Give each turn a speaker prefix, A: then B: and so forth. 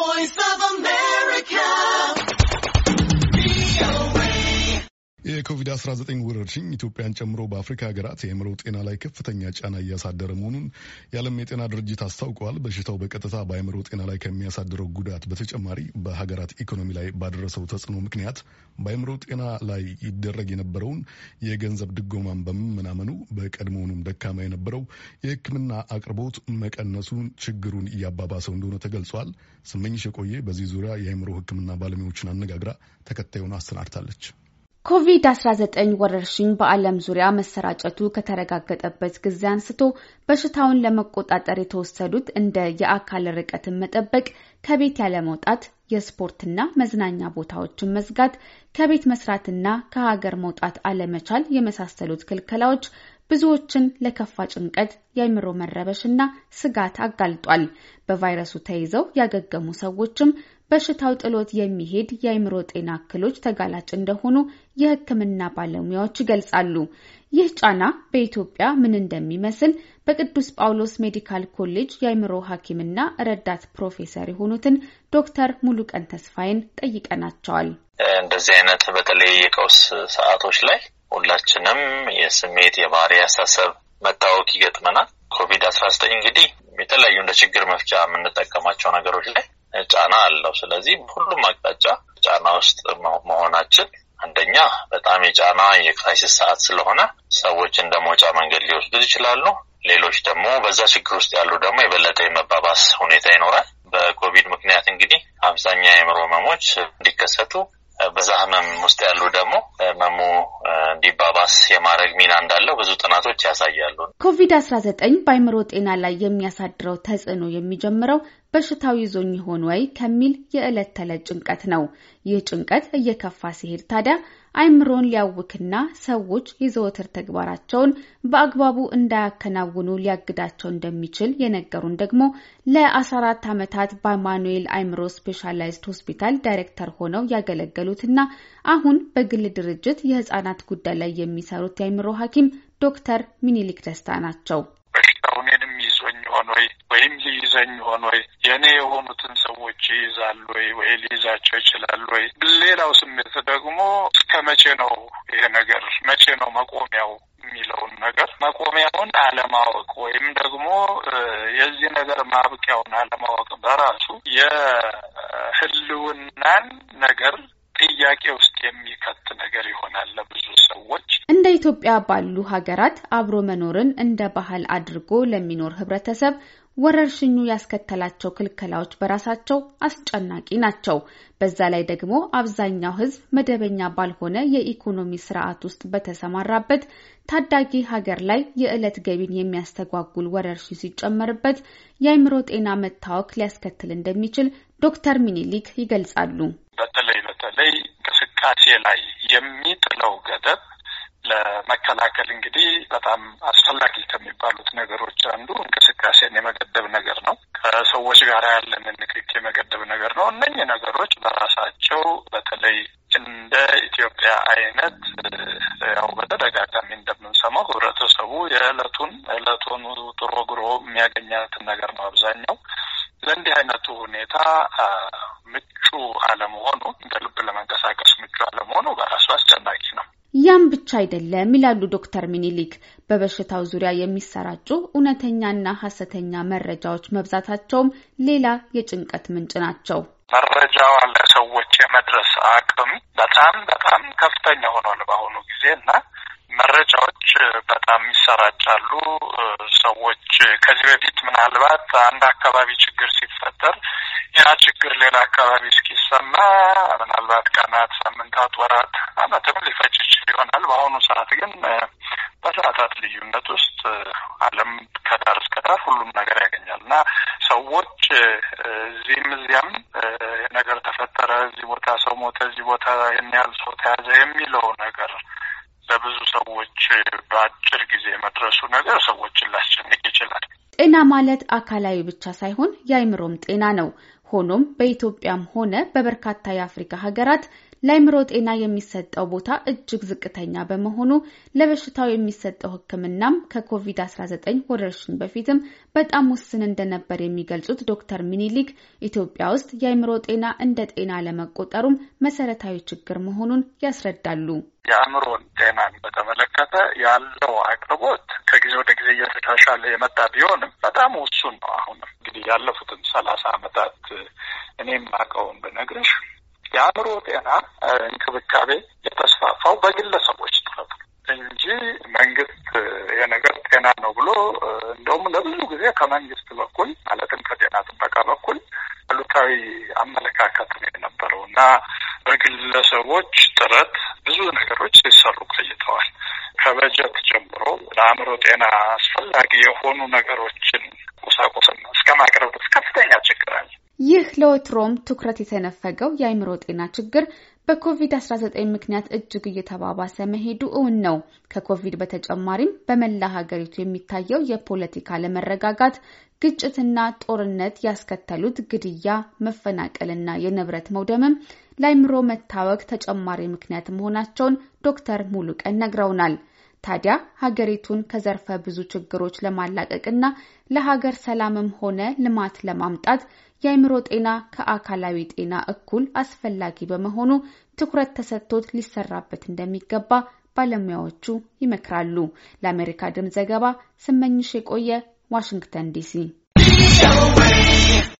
A: voice የኮቪድ-19 ወረርሽኝ ኢትዮጵያን ጨምሮ በአፍሪካ ሀገራት የአእምሮ ጤና ላይ ከፍተኛ ጫና እያሳደረ መሆኑን የዓለም የጤና ድርጅት አስታውቋል። በሽታው በቀጥታ በአእምሮ ጤና ላይ ከሚያሳድረው ጉዳት በተጨማሪ በሀገራት ኢኮኖሚ ላይ ባደረሰው ተጽዕኖ ምክንያት በአእምሮ ጤና ላይ ይደረግ የነበረውን የገንዘብ ድጎማን በመመናመኑ በቀድሞውንም ደካማ የነበረው የሕክምና አቅርቦት መቀነሱን ችግሩን እያባባሰው እንደሆነ ተገልጿል። ስመኝሽ የቆየ በዚህ ዙሪያ የአእምሮ ሕክምና ባለሙያዎችን አነጋግራ ተከታዩን አሰናድታለች።
B: ኮቪድ-19 ወረርሽኝ በዓለም ዙሪያ መሰራጨቱ ከተረጋገጠበት ጊዜ አንስቶ በሽታውን ለመቆጣጠር የተወሰዱት እንደ የአካል ርቀትን መጠበቅ፣ ከቤት ያለመውጣት፣ የስፖርትና መዝናኛ ቦታዎችን መዝጋት፣ ከቤት መስራትና ከሀገር መውጣት አለመቻል የመሳሰሉት ክልከላዎች ብዙዎችን ለከፋ ጭንቀት፣ የአእምሮ እና ስጋት አጋልጧል። በቫይረሱ ተይዘው ያገገሙ ሰዎችም በሽታው ጥሎት የሚሄድ የአእምሮ ጤና እክሎች ተጋላጭ እንደሆኑ የሕክምና ባለሙያዎች ይገልጻሉ። ይህ ጫና በኢትዮጵያ ምን እንደሚመስል በቅዱስ ጳውሎስ ሜዲካል ኮሌጅ የአእምሮ ሐኪምና ረዳት ፕሮፌሰር የሆኑትን ዶክተር ሙሉቀን ተስፋዬን ጠይቀናቸዋል።
A: እንደዚህ አይነት በተለይ የቀውስ ሰዓቶች ላይ ሁላችንም የስሜት የባህሪ አሳሰብ መታወክ ይገጥመናል። ኮቪድ አስራ ዘጠኝ እንግዲህ የተለያዩ እንደ ችግር መፍቻ የምንጠቀማቸው ነገሮች ላይ ጫና አለው። ስለዚህ ሁሉም አቅጣጫ ጫና ውስጥ መሆናችን አንደኛ በጣም የጫና የክራይሲስ ሰዓት ስለሆነ ሰዎች እንደ መውጫ መንገድ ሊወስዱ ይችላሉ። ሌሎች ደግሞ በዛ ችግር ውስጥ ያሉ ደግሞ የበለጠ የመባባስ ሁኔታ ይኖራል። በኮቪድ ምክንያት እንግዲህ አብዛኛ የአእምሮ ህመሞች እንዲከሰቱ በዛ ህመም ውስጥ ያሉ ደግሞ ህመሙ እንዲባባስ የማድረግ ሚና እንዳለው ብዙ ጥናቶች ያሳያሉ።
B: ኮቪድ አስራ ዘጠኝ በአይምሮ ጤና ላይ የሚያሳድረው ተጽዕኖ የሚጀምረው በሽታው ይዞኝ ይሆን ወይ ከሚል የዕለት ተዕለት ጭንቀት ነው። ይህ ጭንቀት እየከፋ ሲሄድ ታዲያ አይምሮን ሊያውክና ሰዎች የዘወትር ተግባራቸውን በአግባቡ እንዳያከናውኑ ሊያግዳቸው እንደሚችል የነገሩን ደግሞ ለ14 ዓመታት በማኑኤል አይምሮ ስፔሻላይዝድ ሆስፒታል ዳይሬክተር ሆነው ያገለገሉትና አሁን በግል ድርጅት የህፃናት ጉዳይ ላይ የሚሰሩት የአይምሮ ሐኪም ዶክተር ሚኒሊክ ደስታ ናቸው።
A: ወይ ወይም ሊይዘኝ ይሆን ወይ የእኔ የሆኑትን ሰዎች ይይዛሉ ወይ ወይ ሊይዛቸው ይችላሉ ወይ። ሌላው ስሜት ደግሞ እስከ መቼ ነው ይሄ ነገር መቼ ነው መቆሚያው የሚለውን ነገር መቆሚያውን አለማወቅ ወይም ደግሞ የዚህ ነገር ማብቂያውን አለማወቅ በራሱ የህልውናን
B: ኢትዮጵያ ባሉ ሀገራት አብሮ መኖርን እንደ ባህል አድርጎ ለሚኖር ህብረተሰብ ወረርሽኙ ያስከተላቸው ክልከላዎች በራሳቸው አስጨናቂ ናቸው። በዛ ላይ ደግሞ አብዛኛው ህዝብ መደበኛ ባልሆነ የኢኮኖሚ ስርዓት ውስጥ በተሰማራበት ታዳጊ ሀገር ላይ የዕለት ገቢን የሚያስተጓጉል ወረርሽኝ ሲጨመርበት የአእምሮ ጤና መታወክ ሊያስከትል እንደሚችል ዶክተር ሚኒሊክ ይገልጻሉ።
A: በተለይ በተለይ እንቅስቃሴ ላይ የሚጥለው ገደብ ለመከላከል እንግዲህ በጣም አስፈላጊ ከሚባሉት ነገሮች አንዱ እንቅስቃሴን የመገደብ ነገር ነው። ከሰዎች ጋር ያለንን ንክኪ የመገደብ ነገር ነው። እነኚህ ነገሮች በራሳቸው በተለይ እንደ ኢትዮጵያ አይነት ያው በተደጋጋሚ እንደምንሰማው ህብረተሰቡ የዕለቱን ዕለቱን ጥሮ ግሮ የሚያገኛትን ነገር ነው አብዛኛው ለእንዲህ አይነቱ ሁኔታ ምቹ አለመሆኑ እንደ ልብ ለመንቀሳቀስ ምቹ አለመሆኑ በራ
B: ያም ብቻ አይደለም ይላሉ ዶክተር ሚኒሊክ። በበሽታው ዙሪያ የሚሰራጩ እውነተኛና ሀሰተኛ መረጃዎች መብዛታቸውም ሌላ የጭንቀት ምንጭ ናቸው።
A: መረጃዋ ለሰዎች የመድረስ አቅም በጣም በጣም ከፍተኛ ሆኗል በአሁኑ ጊዜ እና መረጃዎች በጣም ይሰራጫሉ። ሰዎች ከዚህ በፊት ምናልባት አንድ አካባቢ ችግር ሲፈጠር ያ ችግር ሌላ አካባቢ እስኪሰማ ምናልባት ቀናት፣ ሳምንታት፣ ወራት፣ ዓመትም ሊፈጅ ይሆናል። በአሁኑ ሰዓት ግን በሰዓታት ልዩነት ውስጥ ዓለም ከዳር እስከ ዳር ሁሉም ነገር ያገኛል እና ሰዎች እዚህም እዚያም ነገር ተፈጠረ፣ እዚህ ቦታ ሰው ሞተ፣ እዚህ ቦታ ይህን ያህል ሰው ተያዘ የሚለው ነገር ለብዙ ሰዎች በአጭር ጊዜ መድረሱ ነገር ሰዎችን ላስጨንቅ
B: ይችላል። ጤና ማለት አካላዊ ብቻ ሳይሆን የአይምሮም ጤና ነው። ሆኖም በኢትዮጵያም ሆነ በበርካታ የአፍሪካ ሀገራት ለአእምሮ ጤና የሚሰጠው ቦታ እጅግ ዝቅተኛ በመሆኑ ለበሽታው የሚሰጠው ሕክምናም ከኮቪድ-19 ወረርሽኝ በፊትም በጣም ውስን እንደነበር የሚገልጹት ዶክተር ሚኒሊክ ኢትዮጵያ ውስጥ የአእምሮ ጤና እንደ ጤና ለመቆጠሩም መሰረታዊ ችግር መሆኑን ያስረዳሉ።
A: የአእምሮን ጤናን በተመለከተ ያለው አቅርቦት ከጊዜ ወደ ጊዜ እየተሻሻለ የመጣ ቢሆንም በጣም ውሱን ነው። አሁንም እንግዲህ ያለፉትን ሰላሳ አመታት እኔም አውቀውን ብነግርሽ የአእምሮ ጤና እንክብካቤ የተስፋፋው በግለሰቦች ጥረት እንጂ መንግስት የነገር ጤና ነው ብሎ እንደውም ለብዙ ጊዜ ከመንግስት በኩል ማለትም ከጤና ጥበቃ በኩል አሉታዊ አመለካከት ነው የነበረው እና በግለሰቦች ጥረት ብዙ ነገሮች ሲሰሩ ቆይተዋል። ከበጀት ጀምሮ ለአእምሮ ጤና አስፈላጊ የሆኑ ነገሮችን ቁሳቁስና እስከ ማቅረብ ከፍተኛ
B: ይህ ለወትሮም ትኩረት የተነፈገው የአእምሮ ጤና ችግር በኮቪድ-19 ምክንያት እጅግ እየተባባሰ መሄዱ እውን ነው። ከኮቪድ በተጨማሪም በመላ ሀገሪቱ የሚታየው የፖለቲካ ለመረጋጋት ግጭትና ጦርነት ያስከተሉት ግድያ፣ መፈናቀልና የንብረት መውደምም ለአእምሮ መታወክ ተጨማሪ ምክንያት መሆናቸውን ዶክተር ሙሉቀን ነግረውናል። ታዲያ ሀገሪቱን ከዘርፈ ብዙ ችግሮች ለማላቀቅና ለሀገር ሰላምም ሆነ ልማት ለማምጣት የአእምሮ ጤና ከአካላዊ ጤና እኩል አስፈላጊ በመሆኑ ትኩረት ተሰጥቶት ሊሰራበት እንደሚገባ ባለሙያዎቹ ይመክራሉ። ለአሜሪካ ድምፅ ዘገባ ስመኝሽ የቆየ ዋሽንግተን ዲሲ